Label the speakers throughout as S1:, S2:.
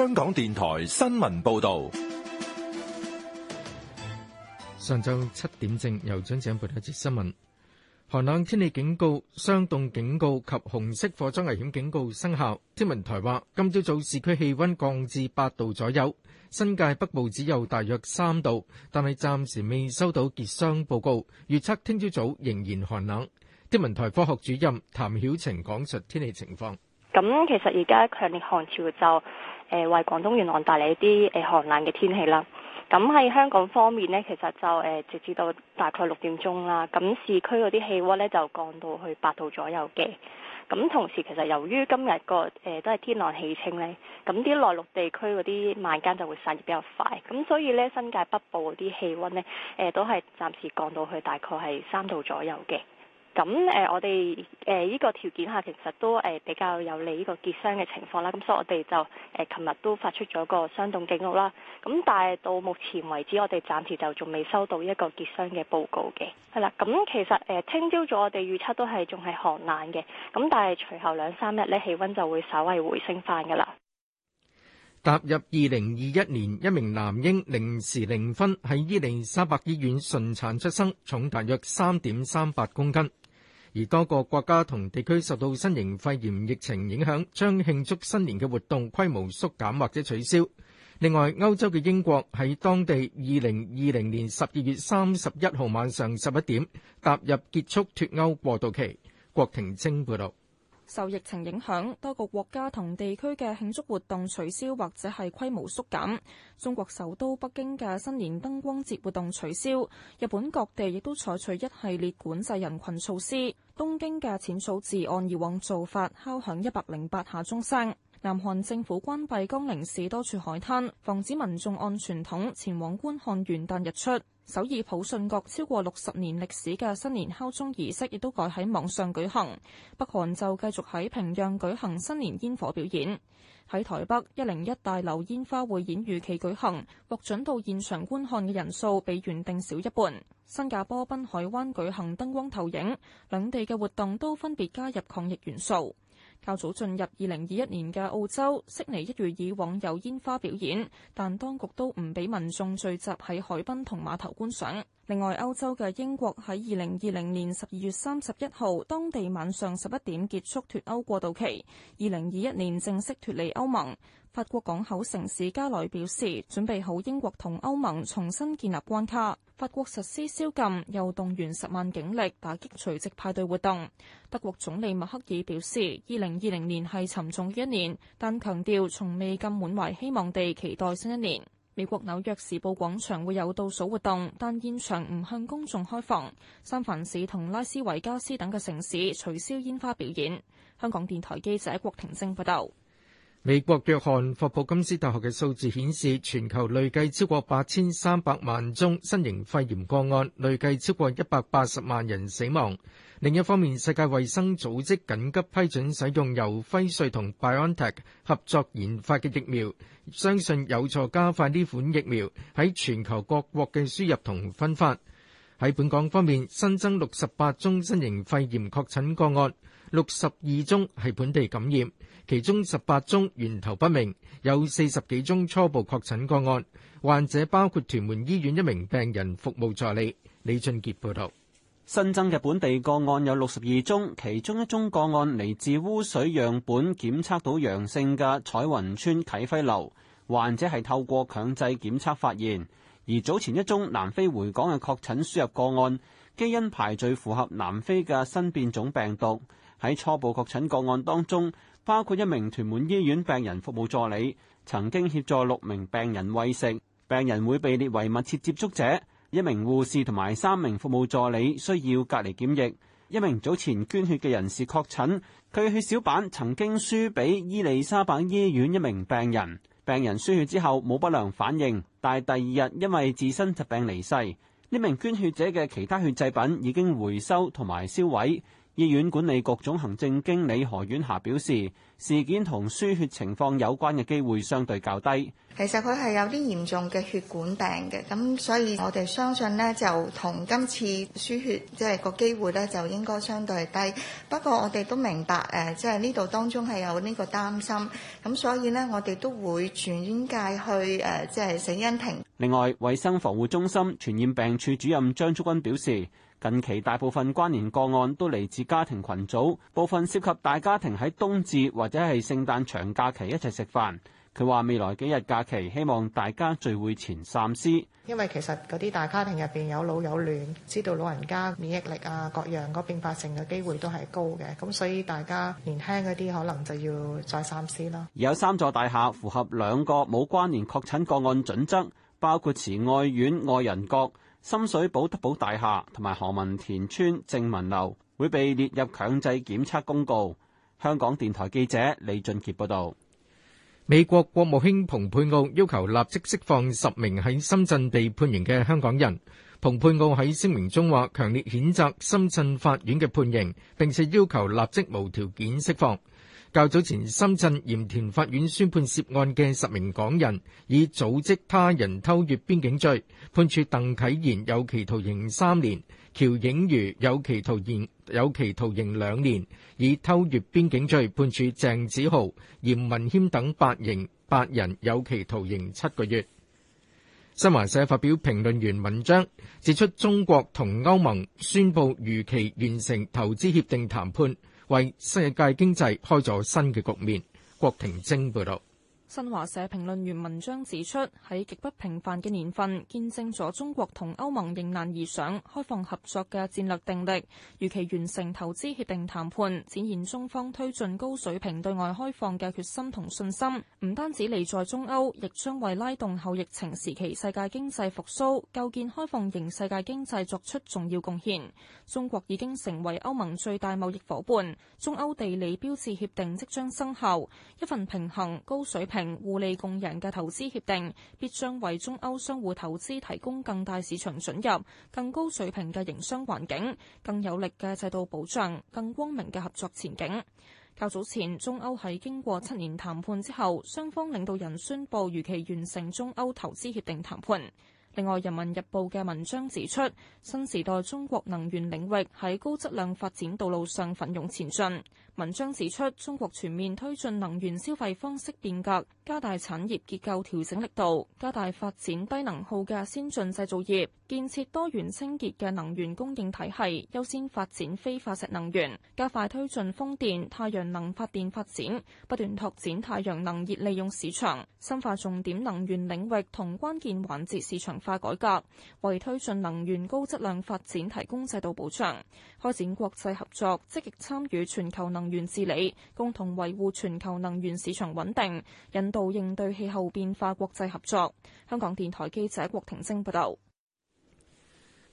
S1: 香港電台新聞報道：上晝七點正，由將展開一節新聞。寒冷天氣警告、霜凍警告及紅色火災危險警告生效。天文台話，今朝早早市區氣溫降至八度左右，新界北部只有大約三度，但係暫時未收到結霜報告。預測聽朝早仍然寒冷。天文台科學主任譚曉晴講述天氣情況。
S2: 咁其實而家強烈寒潮就誒、呃、為廣東沿岸帶嚟一啲誒、呃、寒冷嘅天氣啦。咁喺香港方面呢，其實就誒、呃、直至到大概六點鐘啦。咁市區嗰啲氣温呢，就降到去八度左右嘅。咁同時其實由於今日個誒都係天朗氣清呢，咁啲內陸地區嗰啲晚間就會散熱比較快。咁所以呢，新界北部嗰啲氣温呢，誒、呃、都係暫時降到去大概係三度左右嘅。咁誒、嗯，我哋誒依個條件下，其實都誒、呃、比較有利依個結霜嘅情況啦。咁、嗯、所以我哋就誒琴日都發出咗個霜凍警告啦。咁、嗯、但係到目前為止，我哋暫時就仲未收到一個結霜嘅報告嘅。係、嗯、啦，咁、嗯、其實誒聽朝早我哋預測都係仲係寒冷嘅。咁、嗯、但係隨後兩三日咧，氣温就會稍微回升翻㗎啦。
S1: 踏入二零二一年，一名男嬰零時零分喺伊利沙伯醫院順產出生，重大約三點三八公斤。而多個國家同地區受到新型肺炎疫情影響，將慶祝新年嘅活動規模縮減或者取消。另外，歐洲嘅英國喺當地二零二零年十二月三十一號晚上十一點，踏入結束脫歐過渡期。郭婷清報道。
S2: 受疫情影響，多個國家同地區嘅慶祝活動取消或者係規模縮減。中國首都北京嘅新年燈光節活動取消，日本各地亦都採取一系列管制人群措施。東京嘅淺草寺按以往做法敲響一百零八下鐘聲。南韓政府關閉江陵市多處海灘，防止民眾按傳統前往觀看元旦日出。首爾普信閣超過六十年歷史嘅新年敲鐘儀式亦都改喺網上舉行。北韓就繼續喺平壤舉行新年煙火表演。喺台北，一零一大樓煙花匯演預期舉行，獲准到現場觀看嘅人數比原定少一半。新加坡濱海灣舉行燈光投影，兩地嘅活動都分別加入抗疫元素。較早進入二零二一年嘅澳洲，悉尼一如以往有煙花表演，但當局都唔俾民眾聚集喺海濱同碼頭觀賞。另外，歐洲嘅英國喺二零二零年十二月三十一號當地晚上十一點結束脱歐過渡期，二零二一年正式脱離歐盟。法國港口城市加來表示，準備好英國同歐盟重新建立關卡。法國實施宵禁，又動員十萬警力打擊除夕派對活動。德國總理默克爾表示，二零二零年係沉重一年，但強調從未咁滿懷希望地期待新一年。美國紐約時報廣場會有倒數活動，但現場唔向公眾開放。三藩市同拉斯維加斯等嘅城市取消煙花表演。香港電台記者郭婷晶報道。
S1: 美國約翰霍普金斯大學嘅數字顯示，全球累計超過八千三百萬宗新型肺炎個案，累計超過一百八十萬人死亡。另一方面，世界衛生組織緊急批准使用由輝瑞同 BioNTech 合作研發嘅疫苗，相信有助加快呢款疫苗喺全球各國嘅輸入同分發。喺本港方面，新增六十八宗新型肺炎確診個案。六十二宗係本地感染，其中十八宗源頭不明，有四十幾宗初步確診個
S3: 案。患者包括屯門醫院一名病人服務助理。李俊傑報導，新增嘅本地個案有六十二宗，其中一宗個案嚟自污水樣本檢測到陽性嘅彩雲村啟輝樓。患者係透過強制檢測發現。而早前一宗南非回港嘅確診輸入個案，基因排序符合南非嘅新變種病毒。喺初步確診個案當中，包括一名屯門醫院病人服務助理，曾經協助六名病人餵食，病人會被列為密切接觸者。一名護士同埋三名服務助理需要隔離檢疫。一名早前捐血嘅人士確診，佢血小板曾經輸俾伊利沙伯醫院一名病人，病人輸血之後冇不良反應，但係第二日因為自身疾病離世。呢名捐血者嘅其他血製品已經回收同埋銷毀。醫院管理局總行政經理何婉霞表示，事件同輸血情況有關嘅機會相對較低。
S2: 其實佢係有啲嚴重嘅血管病嘅，咁所以我哋相信呢，就同今次輸血即係、就是、個機會呢，就應該相對低。不過我哋都明白誒，即係呢度當中係有呢個擔心，咁所以呢，我哋都會轉介去誒，即、就、係、是、死因庭。
S3: 另外，衛生防護中心傳染病處主任張竹君表示。近期大部分關聯個案都嚟自家庭群組，部分涉及大家庭喺冬至或者係聖誕長假期一齊食飯。佢話未來幾日假期，希望大家聚會前三思。
S2: 因為其實嗰啲大家庭入邊有老有嫩，知道老人家免疫力啊各樣個變發性嘅機會都係高嘅，咁所以大家年輕嗰啲可能就要再三思啦。
S3: 而有三座大廈符合兩個冇關聯確診個案準則。包括慈愛苑、愛仁閣、深水埗德寶大廈同埋何文田村正文樓會被列入強制檢測公告。香港電台記者李俊傑報導。美國國務卿蓬佩奧要求立即
S1: 釋放十名喺深圳被判刑嘅香港人。蓬佩奧喺聲明中話，強烈譴責深圳法院嘅判刑，並且要求立即無條件釋放。較早前，深圳鹽田法院宣判涉案嘅十名港人以組織他人偷越邊境罪，判處鄧啟賢有期徒刑三年，喬映瑜有期徒刑有期徒刑兩年，以偷越邊境罪判處鄭子豪、嚴文謙等八人八人有期徒刑七個月。新華社發表評論員文章，指出中國同歐盟宣布如期完成投資協定談判。為世界經濟開咗新嘅局面。郭婷晶報道。
S2: 新華社評論員文章指出，喺極不平凡嘅年份，見證咗中國同歐盟迎難而上、開放合作嘅戰略定力。如期完成投資協定談判，展現中方推進高水平對外開放嘅決心同信心。唔單止利在中歐，亦將為拉動後疫情時期世界經濟復甦、構建開放型世界經濟作出重要貢獻。中國已經成為歐盟最大貿易夥伴，中歐地理標誌協定即將生效，一份平衡、高水平。互利共贏嘅投資協定，必將為中歐相互投資提供更大市場準入、更高水平嘅營商環境、更有力嘅制度保障、更光明嘅合作前景。較早前，中歐喺經過七年談判之後，雙方領導人宣布如期完成中歐投資協定談判。另外，《人民日報》嘅文章指出，新時代中國能源領域喺高質量發展道路上奮勇前進。文章指出，中國全面推進能源消費方式變革，加大產業結構調整力度，加大發展低能耗嘅先進製造業。建設多元清潔嘅能源供應體系，優先發展非化石能源，加快推進風電、太陽能發電發展，不斷拓展太陽能熱利用市場，深化重點能源領域同關鍵環節市場化改革，為推進能源高質量發展提供制度保障。開展國際合作，積極參與全球能源治理，共同維護全球能源市場穩定，引導應對氣候變化國際合作。香港電台記者郭婷晶報道。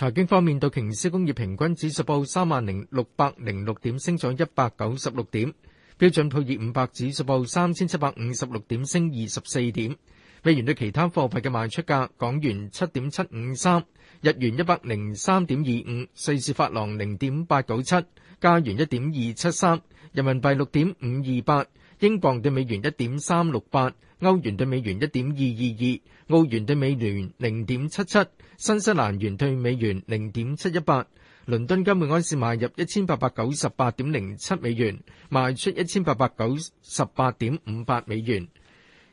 S1: 財經方面，道瓊斯工業平均指數報三萬零六百零六點，升咗一百九十六點。標準普爾五百指數報三千七百五十六點，升二十四點。美元對其他貨幣嘅賣出價：港元七點七五三，日元一百零三點二五，瑞士法郎零點八九七，加元一點二七三，人民幣六點五二八，英鎊兌美元一點三六八。歐元兌美元一點二二二，澳元兌美元零點七七，新西蘭元兌美元零點七一八，倫敦金每安士買入一千八百九十八點零七美元，賣出一千八百九十八點五八美元。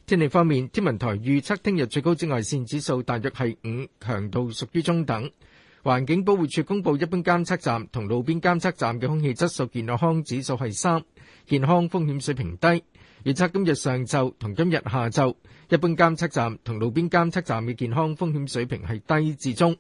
S1: 天氣方面，天文台預測聽日最高紫外線指數大約係五，強度屬於中等。環境保護署公布，一般監測站同路邊監測站嘅空氣質素健康指數係三，健康風險水平低。預測今日上晝同今日下晝一般監測站同路邊監測站嘅健康風險水平係低至中。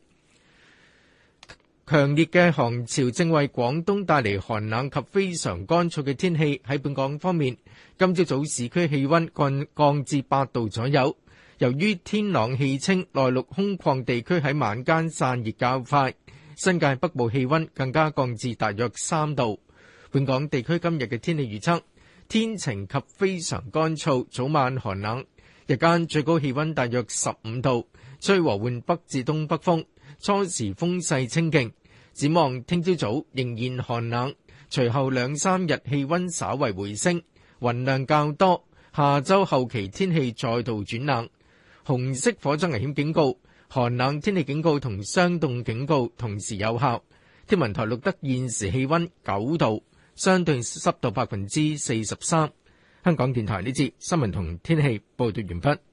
S1: 強烈嘅寒潮正為廣東帶嚟寒冷及非常乾燥嘅天氣，喺本港方面，今朝早市區氣溫均降至八度左右。由於天朗氣清，內陸空曠地區喺晚間散熱較快，新界北部氣溫更加降至大約三度。本港地區今日嘅天氣預測。天晴及非常乾燥，早晚寒冷，日間最高氣温大約十五度，吹和緩北至東北風，初時風勢清勁。展望聽朝早早仍然寒冷，隨後兩三日氣温稍為回升，雲量較多。下周後期天氣再度轉冷。紅色火災危險警告、寒冷天氣警告同霜凍警告同時有效。天文台錄得現時氣温九度。相對濕度百分之四十三。香港電台呢節新聞同天氣報道完畢。